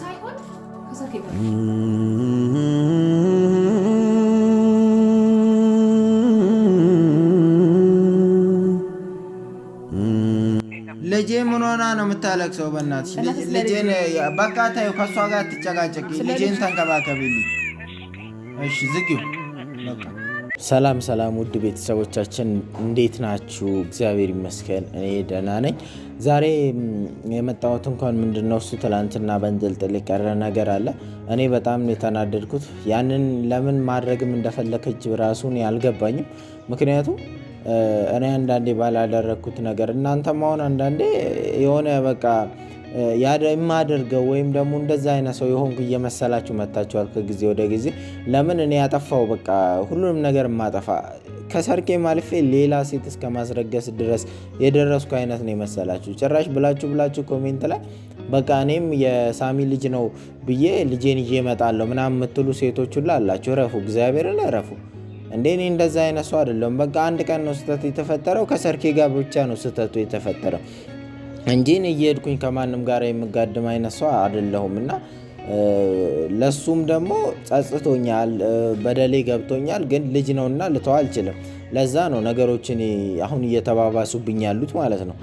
ሳይሆን ልጄ ምን ሆና ነው የምታለቅሰው? በእናትሽ ልጄን በቃ ታዩ። ከእሷ ጋር አትጨቃጨቂ። ልጄን ተንከባከቢልኝ እሺ። ዝጊው በቃ ሰላም ሰላም ውድ ቤተሰቦቻችን እንዴት ናችሁ? እግዚአብሔር ይመስገን እኔ ደህና ነኝ። ዛሬ የመጣሁት እንኳን ምንድን ነው እሱ ትላንትና በንጥልጥል የቀረ ነገር አለ። እኔ በጣም የተናደድኩት ያንን ለምን ማድረግም እንደፈለከች ራሱን አልገባኝም። ምክንያቱም እኔ አንዳንዴ ባላደረግኩት ነገር እናንተም አሁን አንዳንዴ የሆነ በቃ የማደርገው ወይም ደግሞ እንደዛ አይነት ሰው የሆንኩ እየመሰላችሁ መታችኋል። ከጊዜ ወደ ጊዜ ለምን እኔ ያጠፋው በቃ ሁሉንም ነገር ማጠፋ ከሰርቄ ማልፌ ሌላ ሴት እስከ ማስረገስ ድረስ የደረስኩ አይነት ነው የመሰላችሁ። ጭራሽ ብላችሁ ብላችሁ ኮሜንት ላይ በቃ እኔም የሳሚ ልጅ ነው ብዬ ልጄን ይዤ እመጣለሁ ምናምን የምትሉ ሴቶች ሁላ አላችሁ። ረፉ እግዚአብሔር ረፉ እረፉ። እንዴ እኔ እንደዛ አይነት ሰው አይደለሁም። በቃ አንድ ቀን ነው ስህተቱ የተፈጠረው። ከሰርኬ ጋር ብቻ ነው ስህተቱ የተፈጠረው። እንጂ እኔ እየሄድኩኝ ከማንም ጋር የምጋድም አይነት ሰው አይደለሁም እና ለሱም ደግሞ ጸጽቶኛል፣ በደሌ ገብቶኛል። ግን ልጅ ነውና ልተው አልችልም። ለዛ ነው ነገሮችን አሁን እየተባባሱብኝ ያሉት ማለት ነው።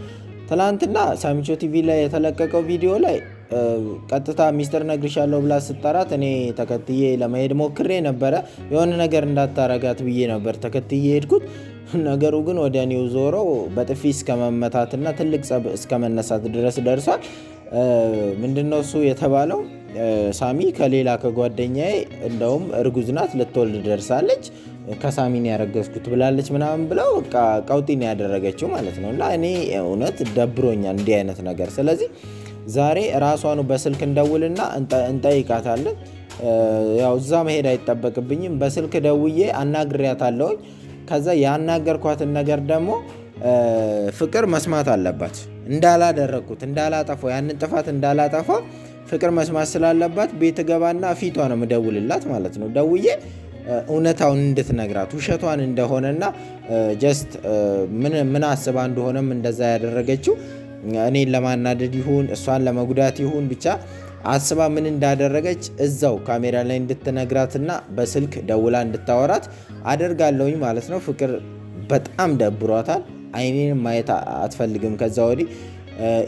ትናንትና ሳሚቾ ቲቪ ላይ የተለቀቀው ቪዲዮ ላይ ቀጥታ ሚስጥር ነግርሻለሁ ብላ ስጠራት እኔ ተከትዬ ለመሄድ ሞክሬ ነበረ። የሆነ ነገር እንዳታረጋት ብዬ ነበር ተከትዬ ሄድኩት። ነገሩ ግን ወደ እኔው ዞሮ በጥፊ እስከመመታትና ትልቅ ጸብ መነሳት ድረስ ደርሷል። ምንድነው እሱ የተባለው? ሳሚ ከሌላ ከጓደኛዬ እንደውም እርጉዝ ናት ልትወልድ ደርሳለች ከሳሚን ያረገዝኩት ብላለች ምናምን ብለው ቀውጢን ያደረገችው ማለት ነው። እና እኔ እውነት ደብሮኛል እንዲህ አይነት ነገር። ስለዚህ ዛሬ ራሷኑ በስልክ እንደውልና እንጠይቃታለን። ያው እዛ መሄድ አይጠበቅብኝም። በስልክ ደውዬ አናግሬያታለሁኝ። ከዛ ያናገርኳትን ነገር ደግሞ ፍቅር መስማት አለባት። እንዳላደረግኩት እንዳላጠፋ ያንን ጥፋት እንዳላጠፋው ፍቅር መስማት ስላለባት ቤት ገባና ፊቷ ነው ምደውልላት ማለት ነው። ደውዬ እውነታውን እንድትነግራት ውሸቷን እንደሆነና ጀስት ምን አስባ እንደሆነም እንደዛ ያደረገችው እኔን ለማናደድ ይሁን እሷን ለመጉዳት ይሁን ብቻ አስባ ምን እንዳደረገች እዛው ካሜራ ላይ እንድትነግራትና በስልክ ደውላ እንድታወራት አደርጋለሁኝ ማለት ነው። ፍቅር በጣም ደብሯታል። አይኔን ማየት አትፈልግም። ከዛ ወዲህ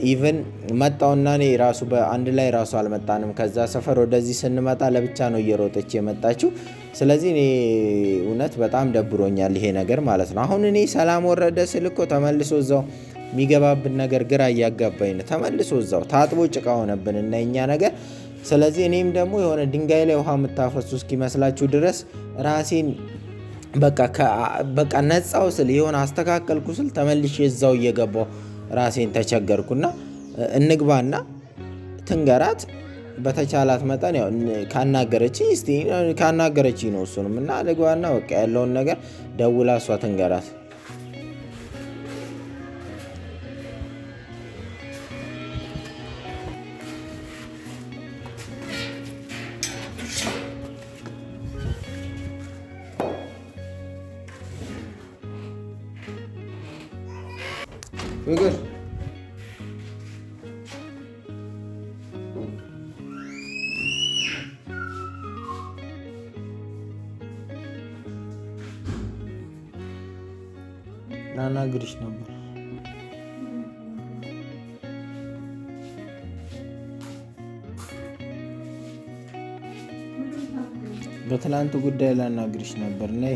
ኢቨን መጣውና እኔ ራሱ በአንድ ላይ ራሱ አልመጣንም። ከዛ ሰፈር ወደዚህ ስንመጣ ለብቻ ነው እየሮጠች የመጣችው። ስለዚህ እኔ እውነት በጣም ደብሮኛል ይሄ ነገር ማለት ነው። አሁን እኔ ሰላም ወረደ ስልኮ ተመልሶ እዛው የሚገባብን ነገር ግራ እያጋባኝ ነው። ተመልሶ እዛው ታጥቦ ጭቃ ሆነብን እና የኛ ነገር። ስለዚህ እኔም ደግሞ የሆነ ድንጋይ ላይ ውሃ የምታፈሱ እስኪመስላችሁ ድረስ ራሴን በቃ ነፃው ስል የሆነ አስተካከልኩ ስል ተመልሼ እዛው እየገባው ራሴን ተቸገርኩና እንግባና ትንገራት በተቻላት መጠን ያው ካናገረች ስ ካናገረች ነው እሱንም እና ልግባና በቃ ያለውን ነገር ደውላ እሷ ትንገራት። ፍቅር ላናግርሽ ነበር። በትላንቱ ጉዳይ ላናግርሽ ነበር ነይ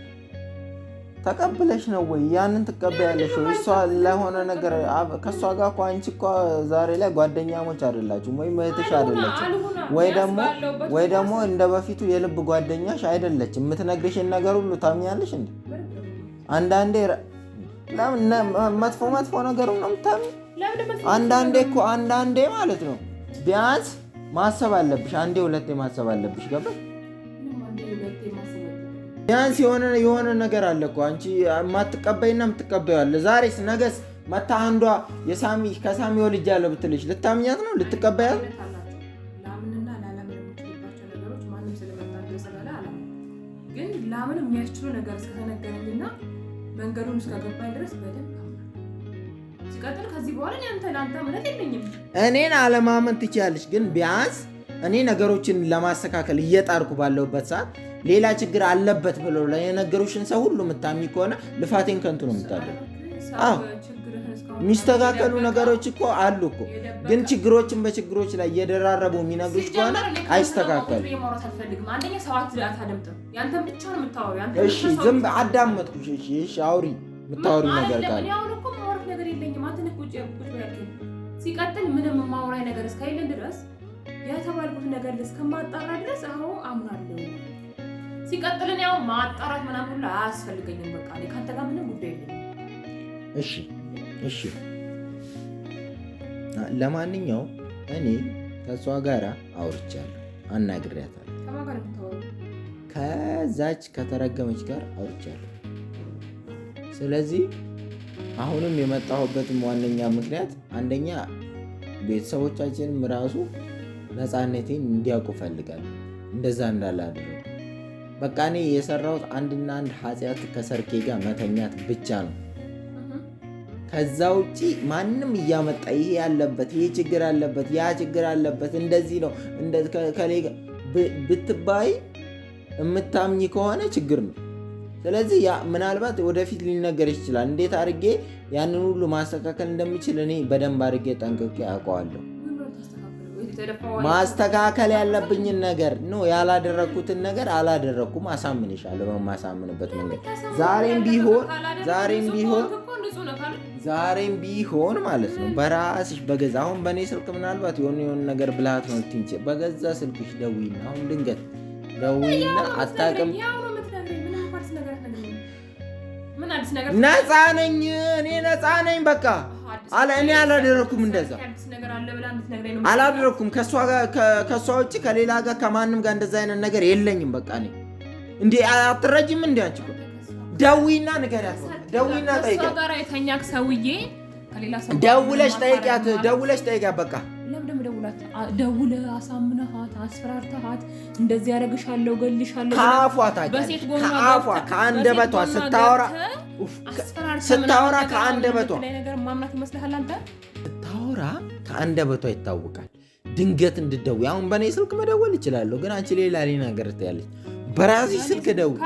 ተቀብለሽ ነው ወይ ያንን ትቀበያለሽ ወይ? እሷ ለሆነ ነገር ከእሷ ጋር እኮ አንቺ እኮ ዛሬ ላይ ጓደኛሞች አይደላችሁም፣ ወይም እህትሽ አይደለችም፣ ወይ ደግሞ እንደ በፊቱ የልብ ጓደኛሽ አይደለችም። የምትነግርሽን ነገር ሁሉ ታምኛለሽ። እንደ አንዳንዴ መጥፎ መጥፎ ነገሩ ነው ምታም። አንዳንዴ እኮ አንዳንዴ ማለት ነው ቢያንስ ማሰብ አለብሽ። አንዴ ሁለቴ ማሰብ አለብሽ። ገባሽ? ቢያንስ የሆነ የሆነ ነገር አለ እኮ አንቺ የማትቀበይና የምትቀበዩ አለ። ዛሬስ ነገስ መታ አንዷ የሳሚ ከሳሚ ወልጅ ብትልሽ ልታምኛት ነው ልትቀበያት? ግን የሚያስችሉ ነገር እስከተነገረኝና መንገዱን እስከገባኝ ድረስ በደንብ ሲቀጥል ከዚህ በኋላ ለአንተ እምነት የለኝም። እኔን አለማመን ትችያለሽ፣ ግን ቢያንስ እኔ ነገሮችን ለማስተካከል እየጣርኩ ባለሁበት ሰዓት ሌላ ችግር አለበት ብሎ የነገሩሽን ሰው ሁሉ የምታሚ ከሆነ ልፋቴን ከንቱ ነው የምታደርግ። አዎ የሚስተካከሉ ነገሮች እኮ አሉ እኮ ግን ችግሮችን በችግሮች ላይ እየደራረቡ የሚነግሩሽ ከሆነ አይስተካከሉ። እሺ ዝም አዳመጥኩሽ። እሺ አውሪ፣ የምታወሪ ነገር ካለ ሲቀጥል ምንም የማውራኝ ነገር እስከሌለ ድረስ የተባልኩት ነገር እስከማጣራ ድረስ አሁን አምናለሁ። ሲቀጥልን ያው ማጣራት ምናምን ሁሉ አያስፈልገኝም። በቃ እኔ ጋር ምንም ጉዳይ የለም። እሺ እሺ። ለማንኛውም እኔ ከእሷ አውርቻለሁ፣ አናግሬያታለሁ። ከዛች ከተረገመች ጋር አውርቻለሁ። ስለዚህ አሁንም የመጣሁበትም ዋነኛ ምክንያት አንደኛ ቤተሰቦቻችንም ራሱ ነፃነቴን እንዲያውቁ ፈልጋለሁ እንደዛ እንዳላደረጉ በቃ እኔ የሰራሁት አንድና አንድ ኃጢአት ከሰርኬ ጋር መተኛት ብቻ ነው። ከዛ ውጪ ማንም እያመጣ ይሄ ያለበት ይሄ ችግር አለበት ያ ችግር አለበት እንደዚህ ነው ከሌ ብትባይ የምታምኝ ከሆነ ችግር ነው። ስለዚህ ምናልባት ወደፊት ሊነገር ይችላል። እንዴት አድርጌ ያንን ሁሉ ማስተካከል እንደሚችል እኔ በደንብ አድርጌ ጠንቅቄ አውቀዋለሁ። ማስተካከል ያለብኝን ነገር ኖ ያላደረግኩትን ነገር አላደረግኩም። አሳምንሻለሁ በማሳምንበት መንገድ ዛሬም ቢሆን ዛሬም ቢሆን ዛሬም ቢሆን ማለት ነው በራስሽ በገዛ አሁን በእኔ ስልክ ምናልባት የሆነ የሆነ ነገር ብልሃት ነው ትንጭ በገዛ ስልክሽ ደዊና አሁን ድንገት ደዊና አታውቅም። ነፃ ነኝ እኔ ነፃ ነኝ በቃ አለ እኔ አላደረኩም፣ እንደዛ አላደረኩም። ከሷ ጋር ከሷ ውጪ ከሌላ ጋር ከማንም ጋር እንደዛ አይነት ነገር የለኝም። በቃ እኔ እንዴ አትረጅም እንዴ አንቺ ደዊና ንገሪያት፣ ደዊና ጠይቂያት፣ ደውለሽ ጠይቂያት፣ ደውለሽ ጠይቂያት። በቃ ደውለህ አሳምነሃት፣ አስፈራርተሃት፣ እንደዚህ ያደርግሻለሁ፣ ገልሻለሁ ከአፏ ታውቂያለሽ፣ ከአፏ ከአንደበቷ ስታወራ ስታወራ ከአንደበቷ ስታወራ ከአንደበቷ ይታወቃል። ድንገት እንድደው አሁን በእኔ ስልክ መደወል ይችላሉ፣ ግን አንቺ ሌላ ሌላ ነገር ትያለች። በራሴ ስልክ ደውል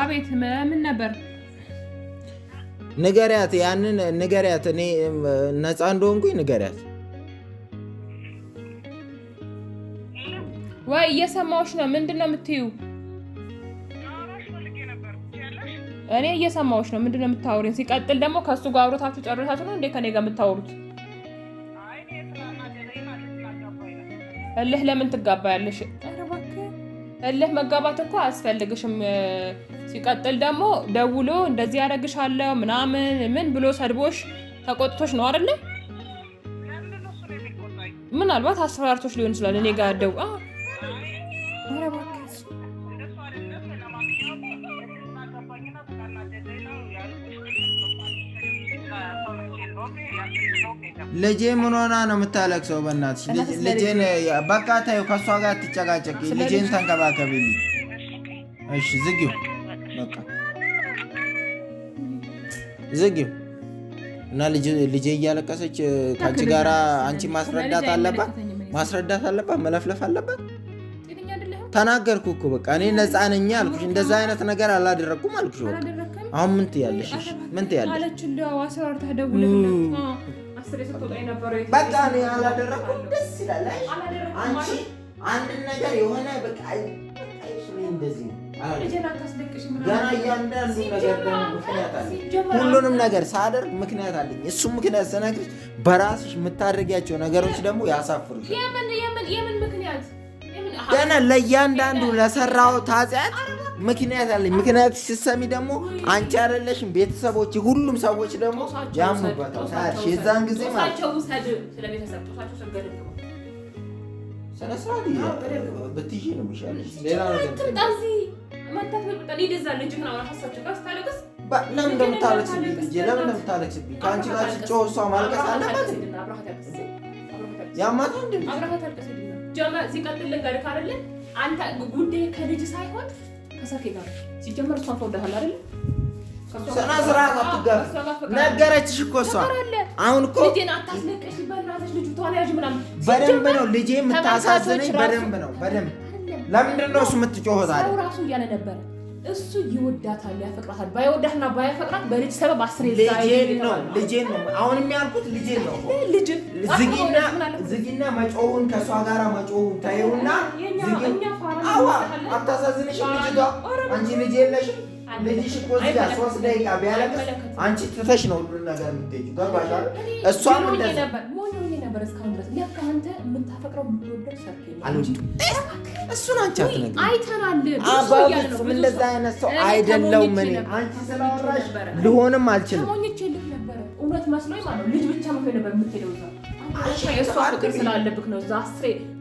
አቤት ምን ነበር? ንገሪያት፣ ያንን ንገሪያት። እኔ ነፃ እንደሆንኩኝ ንገሪያት። ወይ እየሰማዎች ነው? ምንድን ነው የምትዩ? እኔ እየሰማዎች ነው። ምንድን ነው የምታወሩኝ? ሲቀጥል ደግሞ ከእሱ ጋር አውሮታችሁ ጨርሳችሁ ነው እንዴ ከኔ ጋር የምታወሩት? እልህ ለምን ትጋባያለሽ? እልህ መጋባት እኮ አያስፈልግሽም። ሲቀጥል ደግሞ ደውሎ እንደዚህ ያደረግሻለሁ ምናምን ምን ብሎ ሰድቦሽ ተቆጥቶች ነው አይደለ? ምናልባት አስፈራርቶች ሊሆን ይችላል። እኔ ጋር ደው ልጄ ምን ሆና ነው የምታለቅሰው? በእናትሽ ልጄን በቃ ተይው፣ ከእሷ ጋር ትጨቃጨቂ፣ ልጄን ተንከባከብልኝ። እሺ ዝጊው። ዘጊው እና ልጄ እያለቀሰች ከአንቺ ጋራ አንቺ ማስረዳት አለባት ማስረዳት አለባት መለፍለፍ አለባት። ተናገርኩ እኮ በቃ እኔ ነፃ ነኝ አልኩሽ። እንደዛ አይነት ነገር አላደረግኩም አልኩሽ። አሁን ምን ትያለሽ? ምን ትያለሽ? በቃ ደስ ይላል። አንቺ አንድ ነገር የሆነ በቃ እንደዚህ ነው ሁሉንም ነገር ሳደርግ ምክንያት አለኝ። እሱ ምክንያት ስነግርሽ በራስሽ የምታደርጊያቸው ነገሮች ደግሞ ያሳፍሩ። ገና ለእያንዳንዱ ለሰራው ታጽያት ምክንያት አለኝ። ምክንያት ሲሰሚ ደግሞ አንቺ አይደለሽም ቤተሰቦች፣ ሁሉም ሰዎች ደግሞ ያምኑበታል። የዛን ጊዜ ማለት ስነ ስርዓት ብትይ ነው የሚሻልሽ። ሌላ ነገር ለምን እንደምታለቅስብኝ ለምን እንደምታለቅስብኝ ከአንቺ ጋር ስትጮህ እሷ ማልቀስ አለባት። ያማታ አንተ ጉዳይ ከልጅ ሳይሆን ከሰፊ ጋር ሲጀመር እሷን ተወዳታል አይደለ ስነ ስርዓት አትጋፍ። ነገረችሽ እኮ እሷ። አሁን እኮ በደንብ ነው ልጄ የምታሳዝነኝ። በደንብ ነው በደንብ ለምንድን ነው እሱ የምትጮኸው? ታዲያ ራሱ እያለ ነበር እሱ ይወዳታል፣ ያፈቅራታል። ባይወዳትና ባይፈቅራት በልጅ ሰበብ አስሬ ልጄን ነው ልጄን ነው አሁንም ያልኩት ልጄን ነው። ዝጊና ዝጊና መጮውን ከእሷ ጋር መጮውን ታየውና፣ አታሳዝንሽም? ልጅቷ አንቺ ልጅ የለሽም ልጅሽ እኮ እዚያ ሶስት ደቂቃ ቢያለቅስ አንቺ ትተሽ ነው ሁሉን ነገር የምትሄጂው። ገባሽ እሷም እሱን አንቺ አትነግሪም። እንደዚያ አይነት ሰው አይደለሁም እኔ። አንቺ ስላወራሽ ልሆንም አልችልም። እውነት መስሎኝ ልጅ ብቻ ነበር የምትሄደው እዛ። እሷ ፍቅር ስላለብክ ነው እዛ አስሬ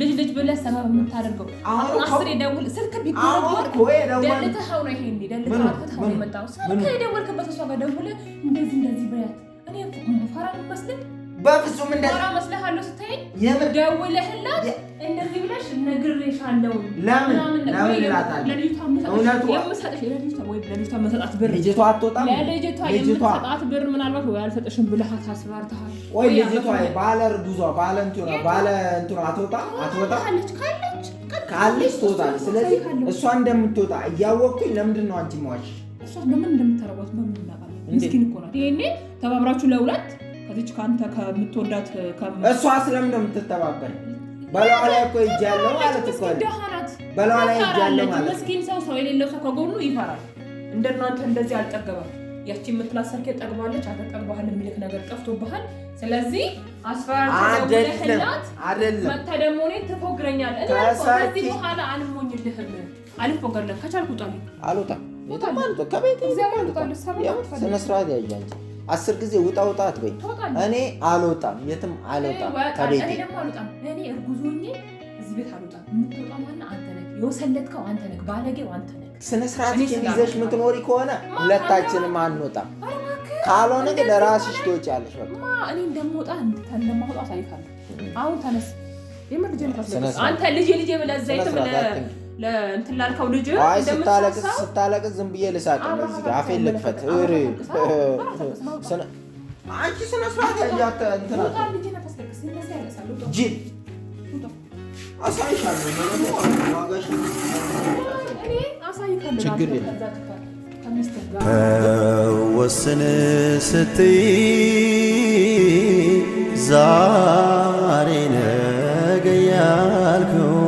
ልጅ ልጅ ብለህ ሰበብ የምታደርገው አስር የደውል ስልክ ቢጎረጎር ነው። ይሄ እንደ የመጣው ስልክ የደወልክበት እሷ ጋር ደውለህ እንደዚህ እንደዚህ ብያት እኔ ፈራ ልመስልህ በፍጹም እንደ ወራ መስለሃለሁ። ስታይ የምር ደውለህላት እንደዚህ ብለሽ ነግሬሻለሁ። ለምን ለምን እላታለሁ። ለልጅቷ መሰጣት ብር ልጅቷ አትወጣም። ለልጅቷ የምትሰጣት ብር ምናልባት ወይ አልሰጥሽም ብለሃት አስፈራርተሃል። ቆይ ልጅቷ ባለ ርጉዟ ባለ እንትኗ ባለ እንትኗ አትወጣ አትወጣ ካለች ካለች ትወጣለች። ስለዚህ እሷ እንደምትወጣ እያወቅኩኝ ለምንድን ነው አንቺ መዋሽ? እሷ ለምን እንደምታረጓት በምን እናውቃለን? ምስኪን እኮ ናት። ይሄኔ ተባብራችሁ ለሁለት ልጅ ከአንተ ከምትወዳት እሷ ስለምን ነው የምትተባበር? በላዋ ላይ እኮ ይጃለው ማለት እኮ በላዋ ላይ ይጃለው ማለት መስኪን ሰው ሰው የሌለው ሰው ከጎኑ ይፈራል። እንደናንተ እንደዚህ አልጠገበም። ያቺ የምትላሰርክ ሰርኬ ጠግባለች፣ አንተ ጠግባሃል የሚልክ ነገር ጠፍቶብሃል። ስለዚህ አስፈራራት አይደለም መታ ደግሞ እኔን ትፎግረኛለህ። ከዚህ በኋላ አልሞኝልህም። አልፎገርልህም። ከቻልኩ ጠሉ አልወጣም ከቤት ስነ ያያቸው አስር ጊዜ ውጣ ውጣ አትበይ። እኔ አልወጣም፣ የትም አልወጣም ከቤቴ የወሰለትከው አንተ ነህ፣ ባለጌው አንተ ነህ። ስነ ይዘሽ ምትኖሪ ከሆነ ሁለታችንም አንወጣም። ካልሆነ ግን ለራስሽ ትወጫለሽ። በቃ እኔ እንደምወጣ እንደማወጣ አሳይካለሁ። አሁን ተነስ። የምር ልጄ ልጄ ብለህ ዘይት ብለህ ለእንትን ላልከው ልጅ ስታለቅስ ዝም ብዬ ልሳቅ፣ አፌን ልክፈት። አንቺ ስነ ስርዓት ተወስን ስትይ ዛሬ ነገ ያልከው